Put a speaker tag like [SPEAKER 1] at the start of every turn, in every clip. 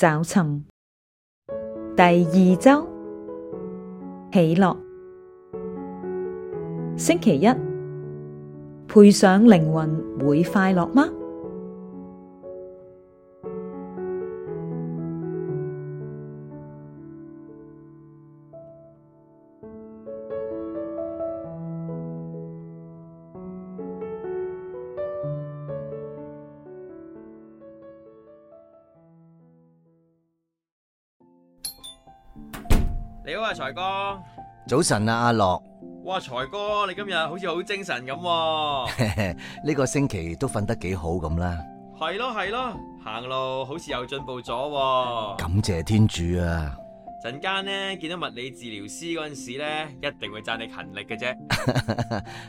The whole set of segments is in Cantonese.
[SPEAKER 1] 找尋第二週喜樂，星期一，賠上靈魂會快樂嗎？
[SPEAKER 2] 你好啊，財哥。
[SPEAKER 3] 早晨啊，阿樂。
[SPEAKER 2] 哇，財哥，你今日好似好精神咁喎。
[SPEAKER 3] 呢 個星期都瞓得幾好咁啦。
[SPEAKER 2] 係咯係咯，行路好似又進步咗喎。
[SPEAKER 3] 感謝天主啊！
[SPEAKER 2] 陣間咧見到物理治療師嗰陣時咧，一定會讚你勤力嘅啫。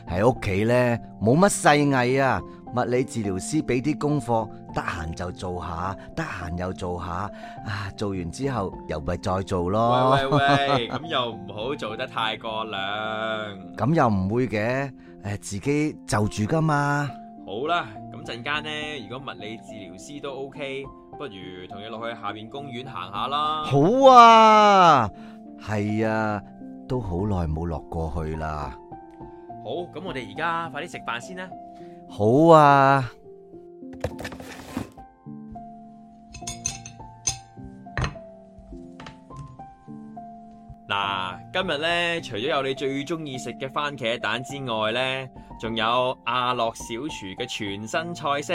[SPEAKER 3] 喺屋企咧冇乜世藝啊，物理治療師俾啲功課，得閒就做下，得閒又做下，啊做完之後又咪再做咯。喂喂喂，
[SPEAKER 2] 咁又唔好做得太過量。
[SPEAKER 3] 咁又唔會嘅，誒自己就住噶嘛。
[SPEAKER 2] 好啦。陣間呢，如果物理治療師都 OK，不如同你落去下面公園行下啦。
[SPEAKER 3] 好啊，係啊，都好耐冇落過去啦。
[SPEAKER 2] 好，咁我哋而家快啲食飯先啦。
[SPEAKER 3] 好啊。
[SPEAKER 2] 嗱，今日呢，除咗有你最鍾意食嘅番茄蛋之外呢。仲有阿樂小廚嘅全新菜式，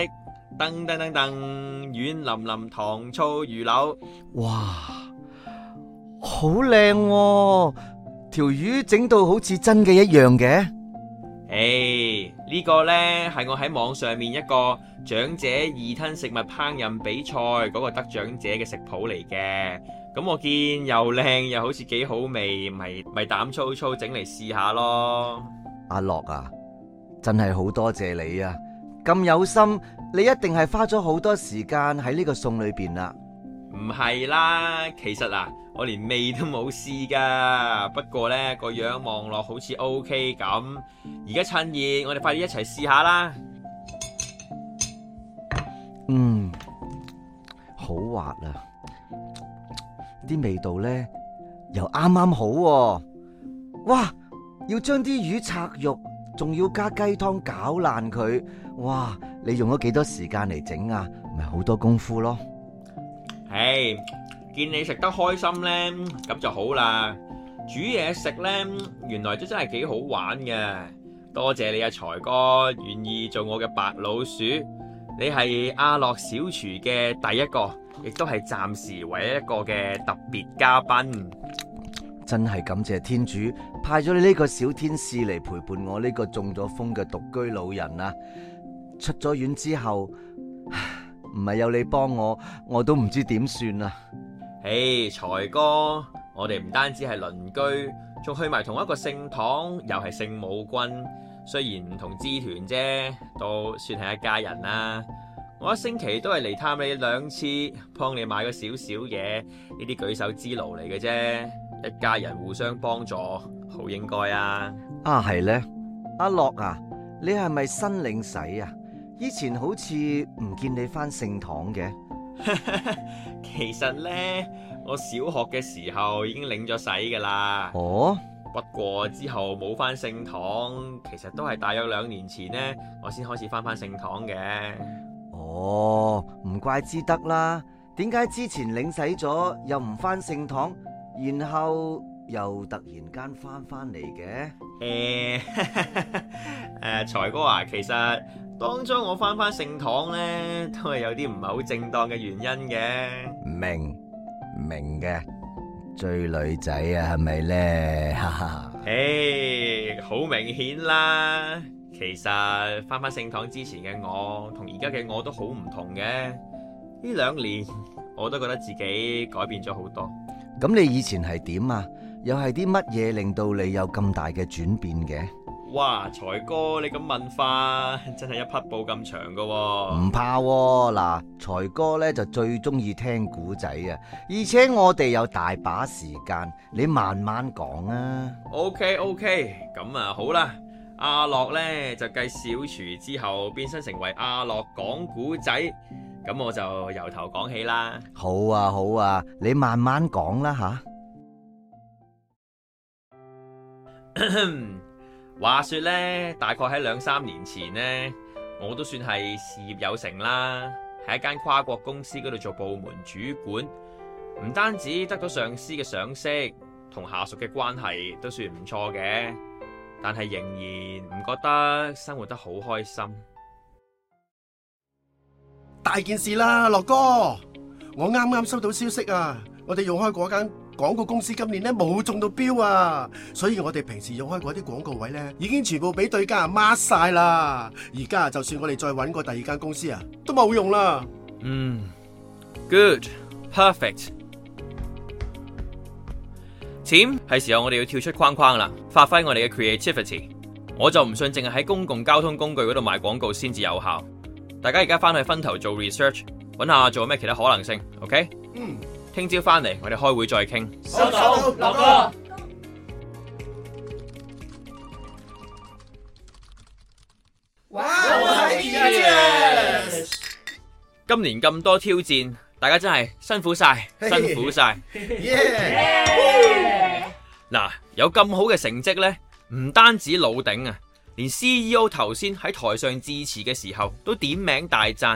[SPEAKER 2] 噔噔噔噔，軟腍腍糖醋魚柳，哇，
[SPEAKER 3] 好靚喎，條魚整到好似真嘅一樣嘅。
[SPEAKER 2] 誒，呢個呢係我喺網上面一個長者易吞食物烹飪比賽嗰個得獎者嘅食譜嚟嘅。咁我見又靚又好似幾好味，咪咪膽粗粗整嚟試下咯。
[SPEAKER 3] 阿樂啊！真係好多謝你啊！咁有心，你一定係花咗好多時間喺呢個餸裏邊啦。
[SPEAKER 2] 唔係啦，其實啊，我連味都冇試㗎。不過呢，個樣望落好似 OK 咁。而家趁熱，我哋快啲一齊試下啦。
[SPEAKER 3] 嗯，好滑啊！啲味道呢，又啱啱好喎，啊。哇！要將啲魚拆肉。仲要加雞湯搞爛佢，嘩！你用咗幾多時間嚟整啊？咪好多功夫囉。唉
[SPEAKER 2] ，hey, 見你食得開心呢，咁就好啦。煮嘢食呢，原來都真係幾好玩嘅。多謝你啊，財哥願意做我嘅白老鼠，你係阿樂小廚嘅第一個，亦都係暫時唯一一個嘅特別嘉賓。
[SPEAKER 3] 真係感謝天主派咗你呢個小天使嚟陪伴我呢個中咗風嘅獨居老人啊！出咗院之後，唔係有你幫我，我都唔知點算啊！
[SPEAKER 2] 唉，hey, 財哥，我哋唔單止係鄰居，仲去埋同一個聖堂，又係聖母軍，雖然唔同支團啫，都算係一家人啦，啊。我一星期都係嚟探你兩次，幫你買嗰少少嘢，呢啲舉手之勞嚟嘅啫。一家人互相幫助，好應該啊！
[SPEAKER 3] 啊，係咧，阿樂啊，你係咪新領洗啊？以前好似唔見你翻聖堂嘅。
[SPEAKER 2] 其實咧，我小學嘅時候已經領咗洗噶啦。哦。不過之後冇翻聖堂，其實都係大約兩年前呢，我先開始翻翻聖堂嘅。哦，
[SPEAKER 3] 唔怪之得啦，點解之前領洗咗又唔翻聖堂？然後又突然間返返嚟嘅
[SPEAKER 2] 誒誒，財哥啊，其實當初我返返聖堂咧，都係有啲唔係好正當嘅原因嘅。明，明
[SPEAKER 3] 嘅，追女仔啊，係咪咧？誒，
[SPEAKER 2] 好明顯啦。其實返返聖堂之前嘅我，同而家嘅我都好唔同嘅。呢兩年我都覺得自己改變咗好多。
[SPEAKER 3] 咁你以前係點啊？又係啲乜嘢令到你有咁大嘅轉變嘅？
[SPEAKER 2] 哇！財哥，你咁問法，真係一匹布咁長噶喎。唔
[SPEAKER 3] 怕喎，嗱，財哥咧，就最鍾意聽故仔啊！而且我哋有大把時間，你慢慢講啊。
[SPEAKER 2] OK OK，咁啊好啦，阿樂咧就繼小廚之後，變身成為阿樂講故仔。咁我就由頭講起啦。
[SPEAKER 3] 好啊，好啊，你慢慢講啦吓
[SPEAKER 2] 話說咧，大概喺兩三年前呢，我都算係事業有成啦，喺一間跨國公司嗰度做部門主管，唔單止得到上司嘅賞識，同下屬嘅關係都算唔錯嘅，但係仍然唔覺得生活得好開心。
[SPEAKER 4] 大件事啦，樂哥，我啱啱收到消息啊，我哋用開嗰間廣告公司今年咧冇中到標啊，所以我哋平時用開嗰啲廣告位咧，已經全部俾對家 mark 晒啦。而家就算我哋再搵個第二間公司啊，都冇用啦。嗯、
[SPEAKER 2] mm.，good，perfect，Team，係時候我哋要跳出框框啦，發揮我哋嘅 creativity，我就唔信淨係喺公共交通工具嗰度賣廣告先至有效。大家而家翻去分頭做 research，搵下仲有咩其他可能性，OK？
[SPEAKER 4] 嗯，
[SPEAKER 2] 聽朝翻嚟我哋開會再傾。收到，樂哥！哇！今年咁多挑戰，大家真係辛苦晒，辛苦晒。嗱，有咁好嘅成績咧，唔單止老頂啊！連 CEO 頭先喺台上致辭嘅時候，都點名大讚，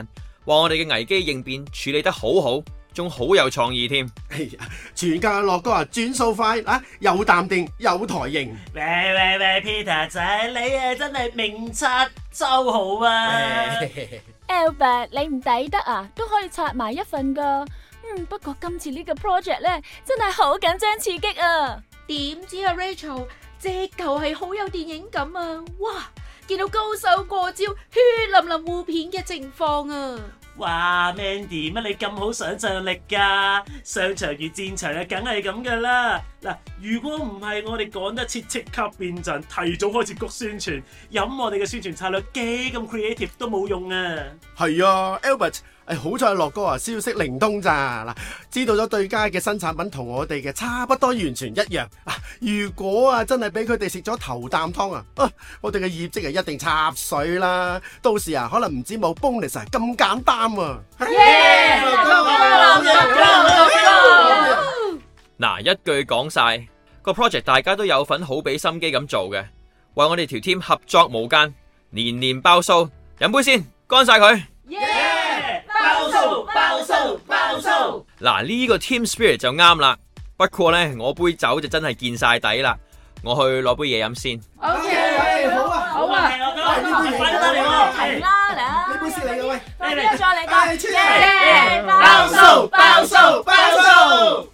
[SPEAKER 2] 話我哋嘅危機應變處理得好好，仲好有創意添、
[SPEAKER 4] 哎。全靠樂哥啊，轉數快，啊又淡定有台型。
[SPEAKER 2] 喂
[SPEAKER 1] 喂喂
[SPEAKER 4] ，Peter 仔，你真啊真係明察秋毫啊
[SPEAKER 3] ！Albert，你唔抵得啊，都可以刷埋一份噶。嗯，不過今次個呢個 project 咧，真係好緊張刺激啊。點止阿、啊、Rachel？直頭係好有電影感啊！哇，見到高手過招，血淋淋互片嘅情況
[SPEAKER 4] 啊！哇，Mandy 乜你咁好想象力噶、啊？商場如戰場啊，梗係咁噶啦！嗱，如果唔係我哋趕得切即刻變陣，提早開始谷宣傳，任我哋嘅宣傳策略幾咁 creative 都冇用啊！係啊，Albert。好彩樂哥啊，消息靈通咋嗱，知道咗對家嘅新產品同我哋嘅差不多完全一樣。如果啊真係俾佢哋食咗頭啖湯啊，啊，我哋嘅業績啊一定插水啦。到時啊可能唔止冇 bonus 咁簡單
[SPEAKER 1] 喎。
[SPEAKER 2] 嗱，一句講晒個 project，大家都有份好俾心機咁做嘅，為我哋條 team 合作無間，年年包數，飲杯先，乾晒佢。
[SPEAKER 3] 包數
[SPEAKER 2] 包數包數，嗱，呢個 Team Spirit 就啱啦。不過咧，我杯酒就真係見晒底啦。我去攞杯嘢飲先。
[SPEAKER 4] OK，好啊，好啊，快啲啦，快啲啦，嚟啦，停啦，嚟啦。呢杯先嚟嘅，喂，嚟嚟，再嚟個，耶！包數包數包數，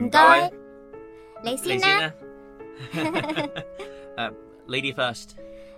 [SPEAKER 2] 唔該，你先啦，Lady first。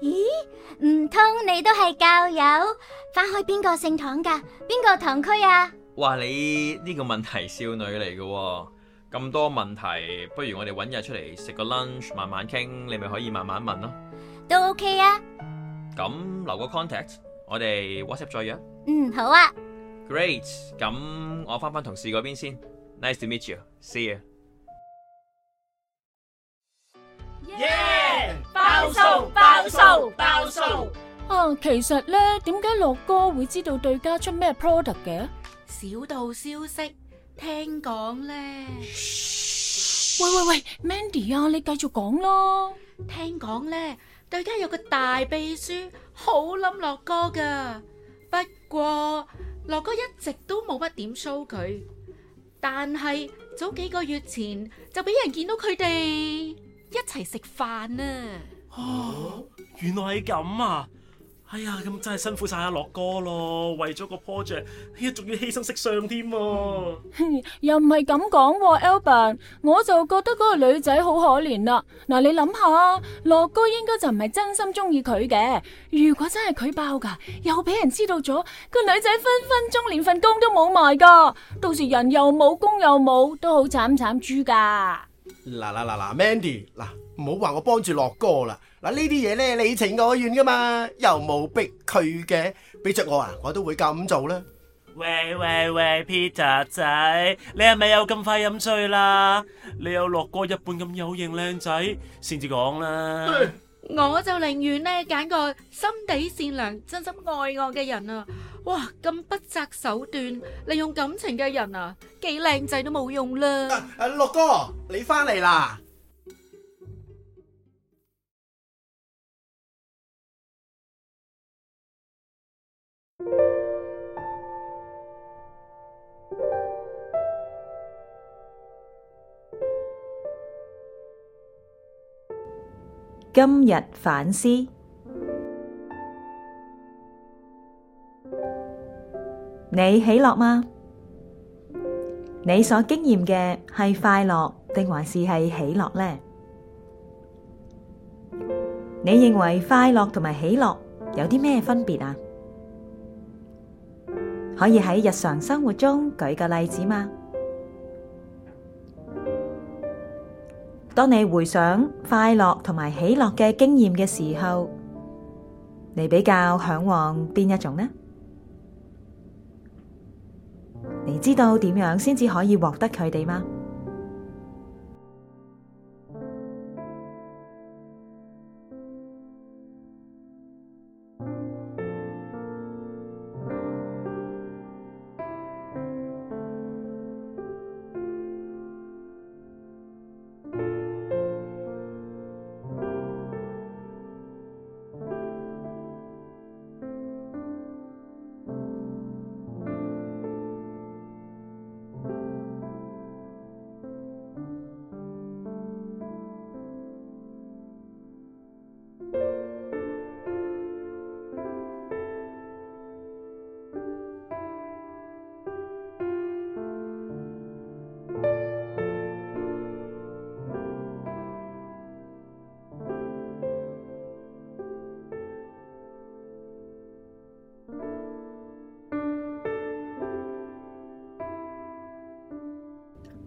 [SPEAKER 2] 咦，唔通你都係教友？翻去邊個聖堂噶？邊個堂區啊？嘩，你呢個問題少女嚟噶。哦，咁多問題，不如我哋搵日出嚟食個 lunch，慢慢傾，你咪可以慢慢問咯。啊。都 OK 啊。咁留個 contact，我哋 WhatsApp 再約。嗯，好啊。Great，咁我翻翻同事嗰邊先。Nice to meet you，See you, See
[SPEAKER 4] you.Yeah!Yeah 包數包。
[SPEAKER 3] 爆數啊！其實咧，點解樂哥會知道對家出咩 product 嘅？
[SPEAKER 1] 小道消息，聽講咧。喂喂喂，Mandy 啊，你繼續講咯。聽講咧，對家有個大秘書，好冧樂哥噶。不過樂哥一直都冇乜點 show 佢，但係早幾個月前就俾人見到佢哋一齊食飯啊。哦。
[SPEAKER 4] 原來係咁啊！哎呀，咁真係辛苦晒阿樂哥咯，為咗個 project，哎呀，仲要犧牲色相添、啊。哼 ，
[SPEAKER 3] 又唔係咁講 Albert 我就覺得嗰個女仔好可憐啦、啊。嗱，你諗下，樂哥應該就唔係真心中意佢嘅。如果真係佢包噶，又俾人知道咗，個女仔分分鐘連份工都冇埋噶。到時人又冇，工又冇，都好慘慘豬噶。
[SPEAKER 4] 嗱嗱嗱嗱，Mandy，嗱，唔好話我幫住樂哥啦。Mandy, 啦啊、呢啲嘢咧，你情我願噶嘛，又冇逼佢嘅，俾着我啊，我都會咁做啦。喂喂喂，Peter 仔，你係咪有咁快飲醉啦？你有樂哥一半咁有型靚仔先至講啦。
[SPEAKER 1] 對我就寧願咧揀個心地善良、真心愛我嘅人啊！哇，咁不擇手段利用感情嘅人啊，幾靚仔都冇用啦。誒、啊啊，樂哥，你翻嚟啦？今日反思，你喜樂嗎？你所經驗嘅係快樂定還是係喜樂呢？你認為快樂同埋喜樂有啲咩分別啊？可以喺日常生活中舉個例子嗎？當你回想快樂同埋喜樂嘅經驗嘅時候，你比較向往邊一種呢？你知道點樣先至可以獲得佢哋嗎？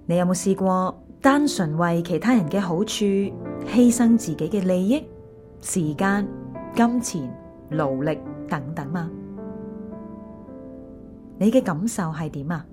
[SPEAKER 1] 你有冇試過單純為其他人嘅好處犧牲自己嘅利益、時間、金錢、勞力等等嗎？你嘅感受係點啊？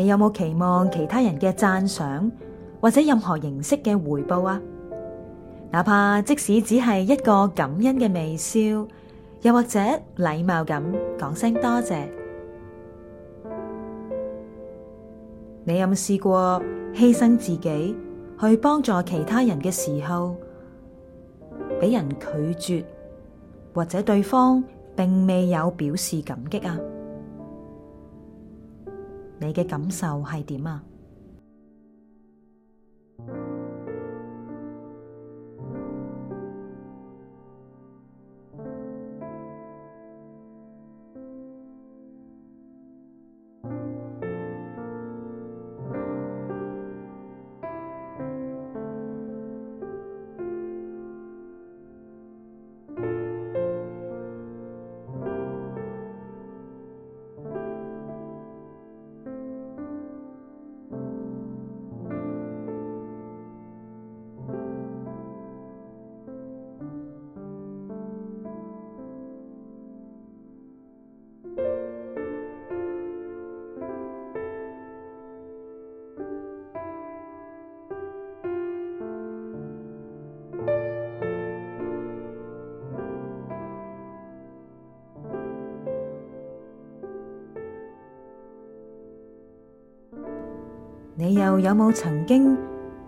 [SPEAKER 1] 你有冇期望其他人嘅讚賞或者任何形式嘅回報啊？哪怕即使只係一個感恩嘅微笑，又或者禮貌咁講聲多謝。你有冇試過犧牲自己去幫助其他人嘅時候，俾人拒絕，或者對方並未有表示感激啊？你嘅感受係點啊？你又有冇曾經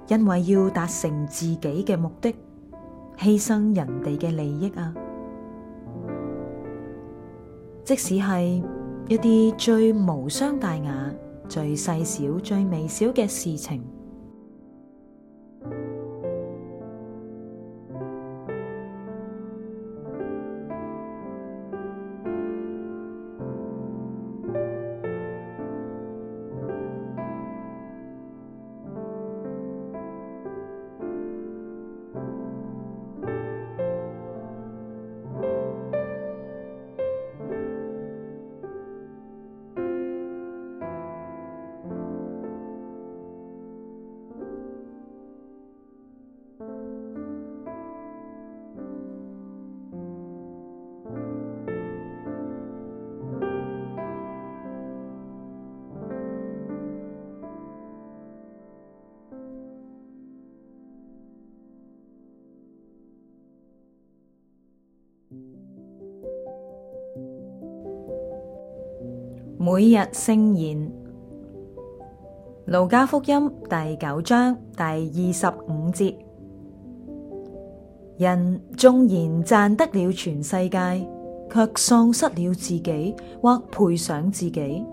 [SPEAKER 1] 因為要達成自己嘅目的，犧牲人哋嘅利益啊？即使係一啲最無傷大雅、最細小、最微小嘅事情。每日聖言，路加福音第九章第二十五節：人縱然賺得了全世界，卻喪失了自己，或賠上自己，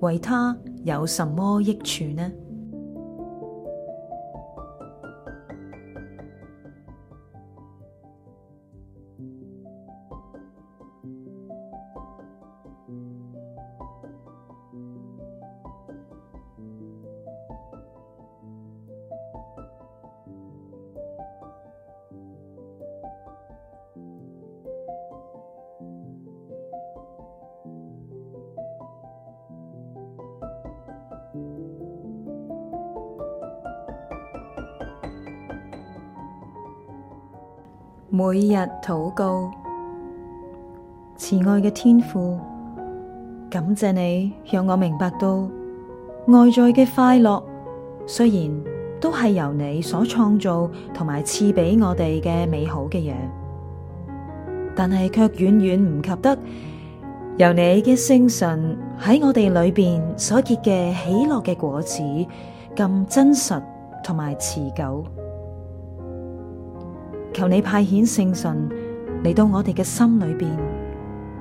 [SPEAKER 1] 為他有什麼益處呢？每日禱告，慈愛嘅天父，感謝你讓我明白到外在嘅快樂，雖然都係由你所創造同埋賜俾我哋嘅美好嘅嘢，但係卻遠遠唔及得由你嘅聖神喺我哋裏面所結嘅喜樂嘅果子咁真實同埋持久。求你派遣聖神嚟到我哋嘅心裏邊，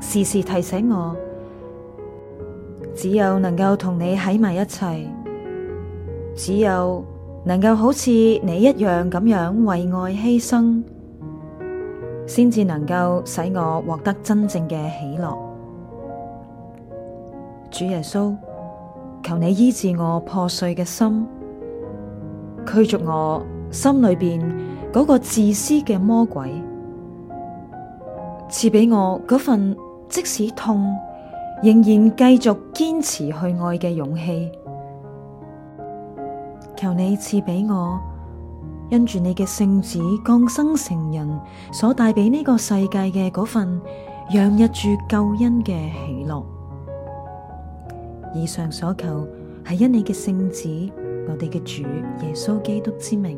[SPEAKER 1] 時時提醒我。只有能夠同你喺埋一齊，只有能夠好似你一樣咁樣為愛犧牲，先至能夠使我獲得真正嘅喜樂。主耶穌，求你醫治我破碎嘅心，驅逐我心裏邊。嗰個自私嘅魔鬼，賜俾我嗰份即使痛仍然繼續堅持去愛嘅勇氣。求你賜俾我因住你嘅聖子降生成人所帶俾呢個世界嘅嗰份洋溢住救恩嘅喜樂。以上所求，係因你嘅聖子，我哋嘅主耶穌基督之名。